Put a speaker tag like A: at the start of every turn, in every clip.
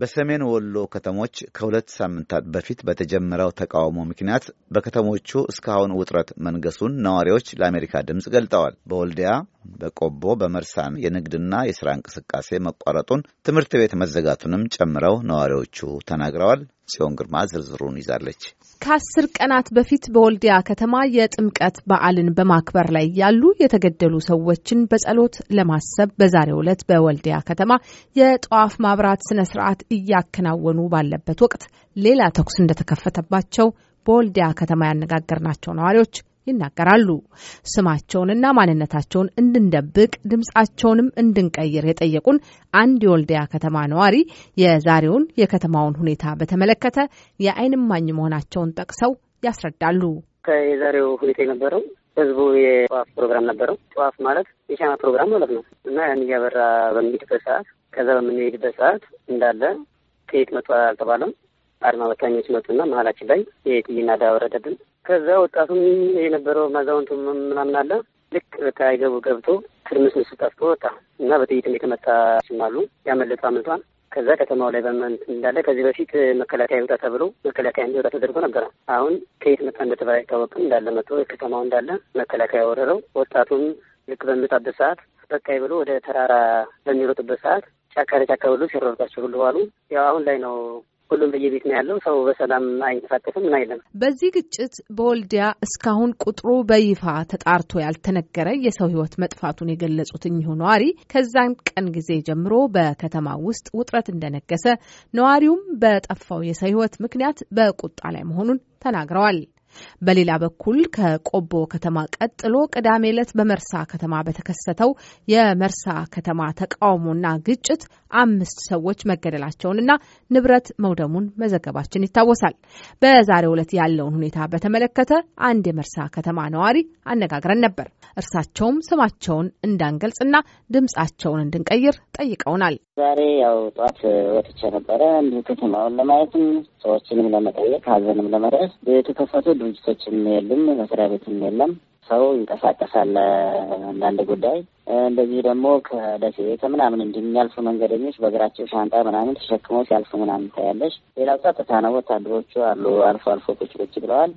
A: በሰሜን ወሎ ከተሞች ከሁለት ሳምንታት በፊት በተጀመረው ተቃውሞ ምክንያት በከተሞቹ እስካሁን ውጥረት መንገሱን ነዋሪዎች ለአሜሪካ ድምፅ ገልጠዋል። በወልዲያ፣ በቆቦ፣ በመርሳን የንግድና የሥራ እንቅስቃሴ መቋረጡን፣ ትምህርት ቤት መዘጋቱንም ጨምረው ነዋሪዎቹ ተናግረዋል። ጽዮን ግርማ ዝርዝሩን ይዛለች።
B: ከአስር ቀናት በፊት በወልዲያ ከተማ የጥምቀት በዓልን በማክበር ላይ ያሉ የተገደሉ ሰዎችን በጸሎት ለማሰብ በዛሬው ዕለት በወልዲያ ከተማ የጠዋፍ ማብራት ስነ ስርዓት እያከናወኑ ባለበት ወቅት ሌላ ተኩስ እንደተከፈተባቸው በወልዲያ ከተማ ያነጋገርናቸው ነዋሪዎች ይናገራሉ። ስማቸውንና ማንነታቸውን እንድንደብቅ ድምፃቸውንም እንድንቀይር የጠየቁን አንድ የወልዲያ ከተማ ነዋሪ የዛሬውን የከተማውን ሁኔታ በተመለከተ የዓይን እማኝ መሆናቸውን ጠቅሰው ያስረዳሉ።
C: የዛሬው ሁኔታ የነበረው ህዝቡ የጠዋፍ ፕሮግራም ነበረው። ጠዋፍ ማለት የሻማ ፕሮግራም ማለት ነው እና ያን እያበራ በሚሄድበት ሰዓት ከዛ በምንሄድበት ሰዓት እንዳለ ከየት መጡ አልተባለም። አድማ በታኞች መጡና መሀላችን ላይ የትይና ዳ ወረደብን። ከዛ ወጣቱም የነበረው ማዛውንቱ ምናምን አለ ልክ ተያይገቡ ገብቶ ትርምስ ምስ ጠፍቶ ወጣ እና በጥይትም የተመታ ሲማሉ ያመለጡ አምልቷል። ከዛ ከተማው ላይ በመንት እንዳለ ከዚህ በፊት መከላከያ ይወጣ ተብሎ መከላከያ እንዲወጣ ተደርጎ ነበረ። አሁን ከየት መጣ እንደተባለ አይታወቅም። እንዳለ መጥቶ ከተማው እንዳለ መከላከያ ወረረው። ወጣቱም ልክ በምጣበት ሰዓት በቃይ ብሎ ወደ ተራራ በሚሮጥበት ሰዓት ጫካ ለጫካ ብሎ ሲሮርጣቸው ሁሉ ዋሉ። ያው አሁን ላይ ነው ሁሉም በየቤት ነው ያለው። ሰው በሰላም አይንቀሳቀስም፣ ምን አይለም።
B: በዚህ ግጭት በወልዲያ እስካሁን ቁጥሩ በይፋ ተጣርቶ ያልተነገረ የሰው ህይወት መጥፋቱን የገለጹት እኚሁ ነዋሪ ከዛን ቀን ጊዜ ጀምሮ በከተማ ውስጥ ውጥረት እንደነገሰ ነዋሪውም በጠፋው የሰው ህይወት ምክንያት በቁጣ ላይ መሆኑን ተናግረዋል። በሌላ በኩል ከቆቦ ከተማ ቀጥሎ ቅዳሜ ዕለት በመርሳ ከተማ በተከሰተው የመርሳ ከተማ ተቃውሞና ግጭት አምስት ሰዎች መገደላቸውንና ንብረት መውደሙን መዘገባችን ይታወሳል። በዛሬው ዕለት ያለውን ሁኔታ በተመለከተ አንድ የመርሳ ከተማ ነዋሪ አነጋግረን ነበር። እርሳቸውም ስማቸውን እንዳንገልጽና ድምጻቸውን እንድንቀይር ጠይቀውናል።
C: ዛሬ ያው ጠዋት ወጥቼ ነበረ እንዲሁ ከተማውን ለማየትም ሰዎችንም ለመጠየቅ ሀዘንም ለመድረስ የተከፈቱ ድርጅቶችም የሉም፣ መስሪያ ቤትም የለም። ሰው ይንቀሳቀሳል። አንዳንድ ጉዳይ እንደዚህ ደግሞ ከደሴ ከምናምን እንዲህ መንገደኞች በእግራቸው ሻንጣ ምናምን ተሸክመው ሲያልፉ ምናምን ታያለች። ሌላው ጸጥታ ነው። ወታደሮቹ አሉ። አልፎ አልፎ ቁጭ ቁጭ ብለዋል።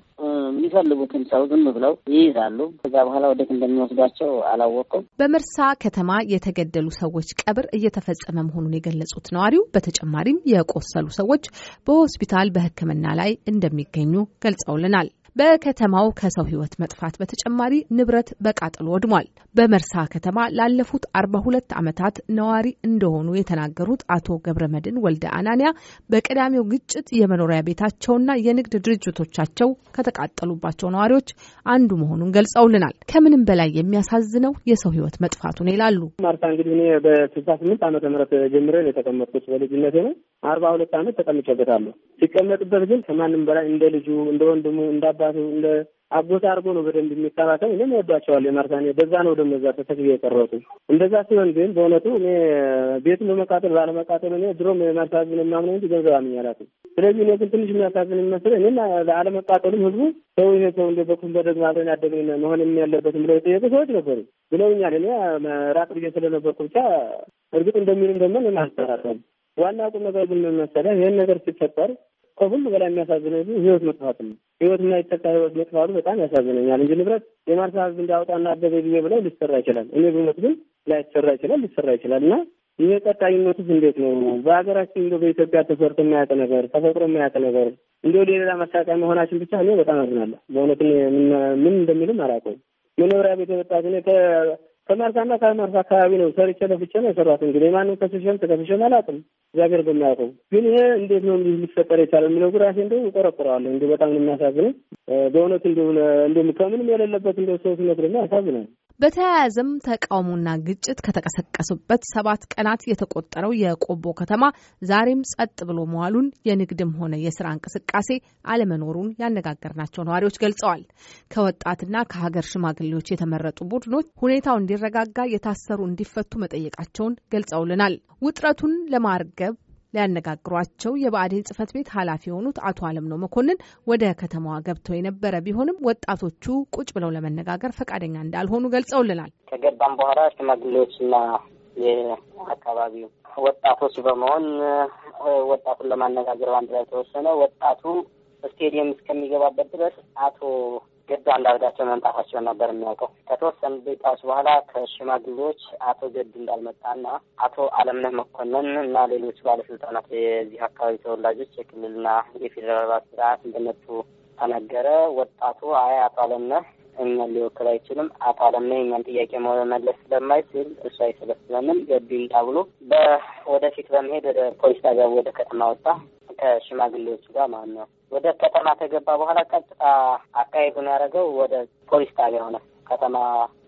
C: የሚፈልጉትን ሰው ዝም ብለው ይይዛሉ። ከዛ በኋላ ወዴት እንደሚወስዷቸው አላወቁም።
B: በመርሳ ከተማ የተገደሉ ሰዎች ቀብር እየተፈጸመ መሆኑን የገለጹት ነዋሪው በተጨማሪም የቆሰሉ ሰዎች በሆስፒታል በሕክምና ላይ እንደሚገኙ ገልጸውልናል። በከተማው ከሰው ህይወት መጥፋት በተጨማሪ ንብረት በቃጠሎ ወድሟል። በመርሳ ከተማ ላለፉት አርባ ሁለት ዓመታት ነዋሪ እንደሆኑ የተናገሩት አቶ ገብረ መድን ወልደ አናንያ በቀዳሚው ግጭት የመኖሪያ ቤታቸውና የንግድ ድርጅቶቻቸው ከተቃጠሉባቸው ነዋሪዎች አንዱ መሆኑን ገልጸውልናል። ከምንም በላይ የሚያሳዝነው የሰው ህይወት መጥፋቱን ይላሉ።
D: ማርታ እንግዲህ እኔ በስልሳ ስምንት ዓመተ ምህረት ጀምሬ የተቀመጥኩት በልጅነቴ ነው። አርባ ሁለት ዓመት ተቀምጬበታለሁ። ሲቀመጥበት ግን ከማንም በላይ እንደ ልጁ እንደ ወንድሙ እንዳባ አባቱ እንደ አጎት አድርጎ ነው በደንብ የሚከባከብ። እኔም ወዷቸዋል የማርሳኔ በዛ ነው ደግሞ እዛ ተተክዬ የቀረቱ። እንደዛ ሲሆን ግን በእውነቱ እኔ ቤቱን በመቃጠል ባለመቃጠል እኔ ድሮም የማርሳዝን የማምነ እንጂ ገንዘብ አምኛላት። ስለዚህ እኔ ግን ትንሽ የሚያሳዝን የሚመስል እኔም ለአለመቃጠሉም ህዝቡ ሰው ይሄ ሰው እንደ በኩል በደግ ማለን ያደግን መሆንም ያለበትም ብለው የጠየቁ ሰዎች ነበሩ ብለውኛል። እኔ ራቅ ብዬ ስለነበርኩ ብቻ እርግጥ እንደሚሉም ደግሞ እኔም አልጠራጠርም። ዋና ቁም ነገር ግን መሰለህ ይህን ነገር ሲፈጠር ከሁሉ በላይ የሚያሳዝነው ግን ህይወት መጥፋት ነው። ህይወት የተካ ህይወት መጥፋቱ በጣም ያሳዝነኛል እንጂ ንብረት የማርሳ ህዝብ እንዳያወጣ እንዳወጣና አበበ ብዬ ብላ ሊሰራ ይችላል። እኔ ብሞት ግን ላይሰራ ይችላል፣ ሊሰራ ይችላል እና ይሄ ቀጣይነቱስ እንዴት ነው? በሀገራችን እንደ በኢትዮጵያ ተሰርቶ የማያውቅ ነገር ተፈጥሮ የማያውቅ ነገር እንዲሁ ሌላ መሳቂያ መሆናችን ብቻ እኔ በጣም አዝናለሁ። በእውነት ምን እንደሚልም አላውቀውም። መኖሪያ ቤት የመጣት ከማርሳና ከማርሳ አካባቢ ነው ሰርቼ ለፍቼ ነው የሰራት። እንግዲህ ማንም ከስሸም ተከስሸም አላውቅም፣ እግዚአብሔር በሚያውቀው ግን ይሄ እንዴት ነው እንዲህ ሊፈጠር የቻለ የሚለው ጉራሴ እንደ እቆረቁረዋለሁ። እንዲ በጣም ነው በእውነት እንደሆነ እንደም ከምንም የሌለበት እንደ ሰው ሲመስለኛ ያሳዝናል።
B: በተያያዘም ተቃውሞና ግጭት ከተቀሰቀሱበት ሰባት ቀናት የተቆጠረው የቆቦ ከተማ ዛሬም ጸጥ ብሎ መዋሉን የንግድም ሆነ የስራ እንቅስቃሴ አለመኖሩን ያነጋገርናቸው ነዋሪዎች ገልጸዋል። ከወጣትና ከሀገር ሽማግሌዎች የተመረጡ ቡድኖች ሁኔታው እንዲረጋጋ፣ የታሰሩ እንዲፈቱ መጠየቃቸውን ገልጸውልናል። ውጥረቱን ለማርገብ ሊያነጋግሯቸው የብአዴን ጽህፈት ቤት ኃላፊ የሆኑት አቶ አለም ነው መኮንን ወደ ከተማዋ ገብተው የነበረ ቢሆንም ወጣቶቹ ቁጭ ብለው ለመነጋገር ፈቃደኛ እንዳልሆኑ ገልጸውልናል።
C: ከገባም በኋላ ሽማግሌዎችና የአካባቢው ወጣቶች በመሆን ወጣቱን ለማነጋገር አንድ ላይ ተወሰነ። ወጣቱ ስቴዲየም እስከሚገባበት ድረስ አቶ ገዱ እንዳርጋቸው መምጣታቸውን ነበር የሚያውቀው። ከተወሰኑ ደቂቃዎች በኋላ ከሽማግሌዎች አቶ ገዱ እንዳልመጣና አቶ አለምነህ መኮንን እና ሌሎች ባለስልጣናት የዚህ አካባቢ ተወላጆች የክልልና የፌዴራል ስርዓት እንደመጡ ተነገረ። ወጣቱ አይ አቶ አለምነህ እኛን ሊወክል አይችልም። አቶ አለምነህ የእኛን ጥያቄ መመለስ ስለማይችል እሱ አይሰበስበንም። ገዱ ይምጣ ብሎ በወደፊት በመሄድ ወደ ፖሊስ ጣቢያ ወደ ከተማ ወጣ ከሽማግሌዎቹ ጋር ማለት ነው። ወደ ከተማ ከገባ በኋላ ቀጥታ አካሄዱን ያደረገው ወደ ፖሊስ ጣቢያ ሆነ። ከተማ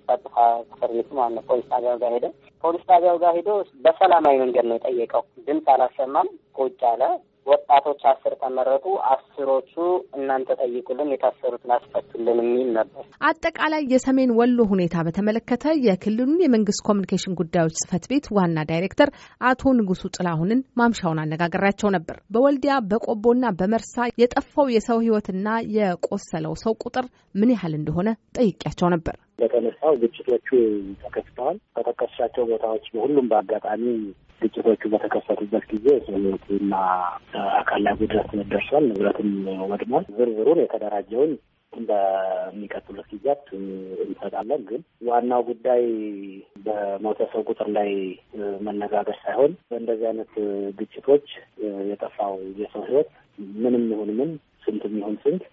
C: ጸጥታ ክፍል ቤቱ ማለት ነው። ፖሊስ ጣቢያው ጋር ሄደ። ፖሊስ ጣቢያው ጋር ሄዶ በሰላማዊ መንገድ ነው የጠየቀው። ድምፅ አላሰማም። ቁጭ አለ። ወጣቶች አስር ተመረጡ። አስሮቹ እናንተ ጠይቁልን የታሰሩትን አስፈቱልን የሚል ነበር።
B: አጠቃላይ የሰሜን ወሎ ሁኔታ በተመለከተ የክልሉን የመንግስት ኮሚኒኬሽን ጉዳዮች ጽህፈት ቤት ዋና ዳይሬክተር አቶ ንጉሱ ጥላሁንን ማምሻውን አነጋገራቸው ነበር። በወልዲያ በቆቦና በመርሳ የጠፋው የሰው ህይወትና የቆሰለው ሰው ቁጥር ምን ያህል እንደሆነ ጠይቄያቸው ነበር።
A: ለተነሳው ግጭቶቹ ተከስተዋል። ከጠቀስሻቸው ቦታዎች በሁሉም በአጋጣሚ ግጭቶቹ በተከሰቱበት ጊዜ ሰው አካል ላይ ጉድረት ደርሷል፣ ንብረትም ወድሟል። ዝርዝሩን የተደራጀውን በሚቀጥሉት ጊዜያት እንሰጣለን። ግን ዋናው ጉዳይ በሞተ ሰው ቁጥር ላይ መነጋገር ሳይሆን በእንደዚህ አይነት ግጭቶች የጠፋው የሰው ሕይወት ምንም ይሁን ምን ስንትም ይሁን ስንት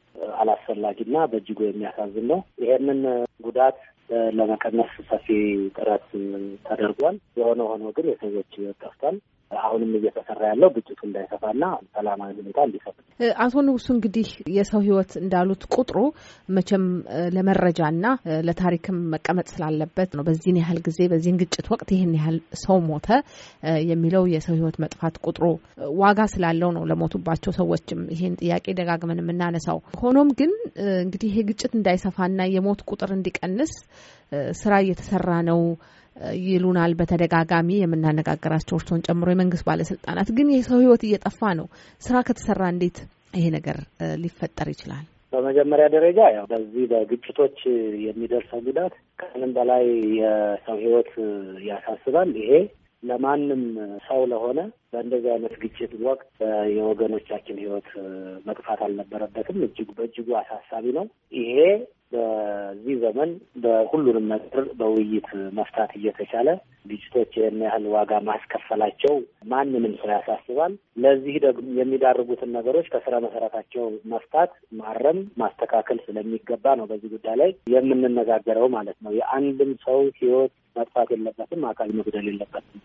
A: አላስፈላጊና በእጅጉ የሚያሳዝን ነው። ይሄንን ጉዳት ለመቀነስ ሰፊ ጥረት ተደርጓል። የሆነ ሆኖ ግን የሰዎች ህይወት ጠፍቷል። አሁንም እየተሰራ ያለው ግጭቱ እንዳይሰፋና ሰላማዊ ሁኔታ እንዲሰፍ።
B: አቶ ንጉሱ እንግዲህ የሰው ህይወት እንዳሉት ቁጥሩ መቼም ለመረጃና ለታሪክም መቀመጥ ስላለበት ነው። በዚህን ያህል ጊዜ በዚህን ግጭት ወቅት ይህን ያህል ሰው ሞተ የሚለው የሰው ህይወት መጥፋት ቁጥሩ ዋጋ ስላለው ነው ለሞቱባቸው ሰዎችም ይህን ጥያቄ ደጋግመን የምናነሳው። ሆኖም ግን እንግዲህ ይሄ ግጭት እንዳይሰፋና የሞት ቁጥር እንዲቀንስ ስራ እየተሰራ ነው ይሉናል በተደጋጋሚ የምናነጋግራቸው እርስዎን ጨምሮ የመንግስት ባለስልጣናት። ግን የሰው ህይወት እየጠፋ ነው። ስራ ከተሰራ እንዴት ይሄ ነገር ሊፈጠር ይችላል?
A: በመጀመሪያ ደረጃ ያው በዚህ በግጭቶች የሚደርሰው ጉዳት ከምንም በላይ የሰው ህይወት ያሳስባል። ይሄ ለማንም ሰው ለሆነ በእንደዚህ አይነት ግጭት ወቅት የወገኖቻችን ህይወት መጥፋት አልነበረበትም። እጅጉ በእጅጉ አሳሳቢ ነው። ይሄ በዚህ ዘመን በሁሉንም ነገር በውይይት መፍታት እየተቻለ ግጭቶች ይህን ያህል ዋጋ ማስከፈላቸው ማንንም ሰው ያሳስባል። ለዚህ ደግሞ የሚዳርጉትን ነገሮች ከስረ መሰረታቸው መፍታት፣ ማረም፣ ማስተካከል ስለሚገባ ነው በዚህ ጉዳይ ላይ የምንነጋገረው ማለት ነው። የአንድም ሰው ህይወት መጥፋት የለበትም፣ አካል መጉደል የለበትም።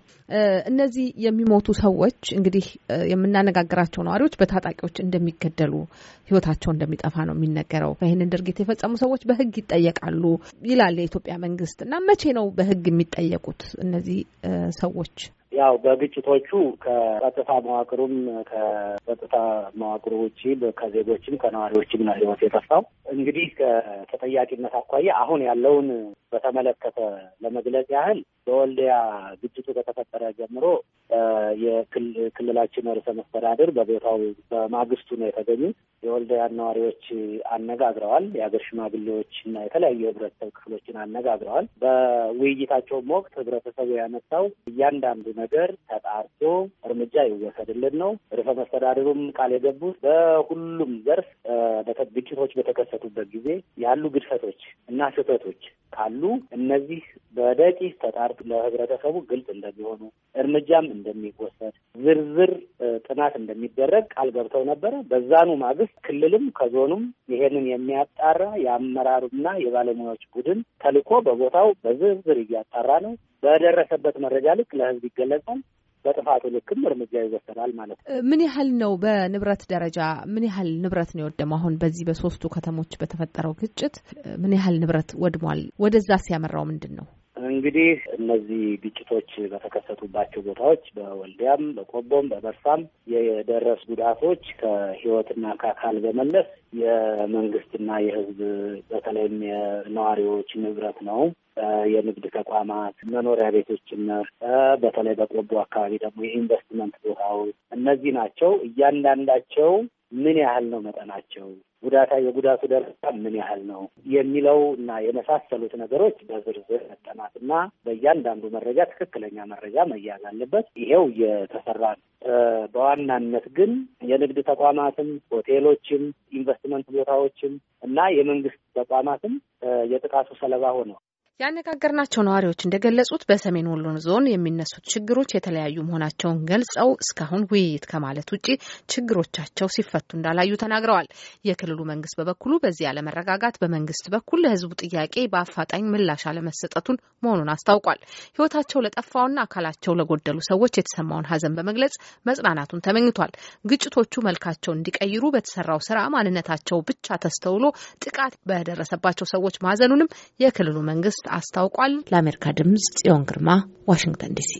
B: እነዚህ የሚሞቱ ሰዎች እንግዲህ የምናነጋግራቸው ነዋሪዎች በታጣቂዎች እንደሚገደሉ ህይወታቸው እንደሚጠፋ ነው የሚነገረው። ይህንን ድርጊት የፈጸሙ ሰዎች በህግ ይጠየቃሉ ይላል የኢትዮጵያ መንግስት። እና መቼ ነው በህግ
A: የሚጠየቁት
B: እነዚህ ሰዎች?
A: ያው በግጭቶቹ ከጸጥታ መዋቅሩም ከጸጥታ መዋቅሩ ውጭ ከዜጎችም ከነዋሪዎችም ነው ህይወት የጠፋው። እንግዲህ ከተጠያቂነት አኳያ አሁን ያለውን በተመለከተ ለመግለጽ ያህል በወልዲያ ግጭቱ ከተፈጠረ ጀምሮ የክልላችን ርዕሰ መስተዳድር በቦታው በማግስቱ ነው የተገኙት። የወልዲያ ነዋሪዎች አነጋግረዋል። የሀገር ሽማግሌዎች እና የተለያዩ የህብረተሰብ ክፍሎችን አነጋግረዋል። በውይይታቸውም ወቅት ህብረተሰቡ ያነሳው እያንዳንዱ ነገር ተጣርቶ እርምጃ ይወሰድልን ነው። ርዕሰ መስተዳድሩም ቃል የገቡት በሁሉም ዘርፍ ግጭቶች በተከሰቱበት ጊዜ ያሉ ግድፈቶች እና ስህተቶች ካሉ ሁሉ እነዚህ በደቂቅ ተጣርቶ ለህብረተሰቡ ግልጽ እንደሚሆኑ እርምጃም እንደሚወሰድ ዝርዝር ጥናት እንደሚደረግ ቃል ገብተው ነበረ። በዛኑ ማግስት ክልልም ከዞኑም ይሄንን የሚያጣራ የአመራሩና የባለሙያዎች ቡድን ተልኮ በቦታው በዝርዝር እያጣራ ነው። በደረሰበት መረጃ ልክ ለህዝብ ይገለጻል። በጥፋቱ ልክም እርምጃ ይወሰዳል ማለት ነው።
B: ምን ያህል ነው? በንብረት ደረጃ ምን ያህል ንብረት ነው የወደመው? አሁን በዚህ በሶስቱ ከተሞች በተፈጠረው ግጭት ምን ያህል ንብረት ወድሟል? ወደዛ ሲያመራው ምንድን ነው?
A: እንግዲህ እነዚህ ግጭቶች በተከሰቱባቸው ቦታዎች በወልዲያም፣ በቆቦም፣ በበርሳም የደረሱ ጉዳቶች ከህይወትና ከአካል በመለስ የመንግስትና የህዝብ በተለይም የነዋሪዎች ንብረት ነው። የንግድ ተቋማት፣ መኖሪያ ቤቶች ጭምር በተለይ በቆቦ አካባቢ ደግሞ የኢንቨስትመንት ቦታዎች እነዚህ ናቸው። እያንዳንዳቸው ምን ያህል ነው መጠናቸው ጉዳታ የጉዳቱ ደረጃ ምን ያህል ነው የሚለው እና የመሳሰሉት ነገሮች በዝርዝር እና በእያንዳንዱ መረጃ ትክክለኛ መረጃ መያዝ አለበት። ይሄው እየተሰራ ነው። በዋናነት ግን የንግድ ተቋማትም፣ ሆቴሎችም፣ ኢንቨስትመንት ቦታዎችም እና የመንግስት ተቋማትም የጥቃቱ ሰለባ ሆነው
B: ያነጋገርናቸው ነዋሪዎች እንደገለጹት በሰሜን ወሎ ዞን የሚነሱት ችግሮች የተለያዩ መሆናቸውን ገልጸው እስካሁን ውይይት ከማለት ውጭ ችግሮቻቸው ሲፈቱ እንዳላዩ ተናግረዋል። የክልሉ መንግስት በበኩሉ በዚህ አለመረጋጋት በመንግስት በኩል ለህዝቡ ጥያቄ በአፋጣኝ ምላሽ አለመሰጠቱን መሆኑን አስታውቋል። ህይወታቸው ለጠፋውና አካላቸው ለጎደሉ ሰዎች የተሰማውን ሀዘን በመግለጽ መጽናናቱን ተመኝቷል። ግጭቶቹ መልካቸው እንዲቀይሩ በተሰራው ስራ ማንነታቸው ብቻ ተስተውሎ ጥቃት በደረሰባቸው ሰዎች ማዘኑንም የክልሉ መንግስት አስታውቋል። ለአሜሪካ ድምጽ ጽዮን ግርማ ዋሽንግተን ዲሲ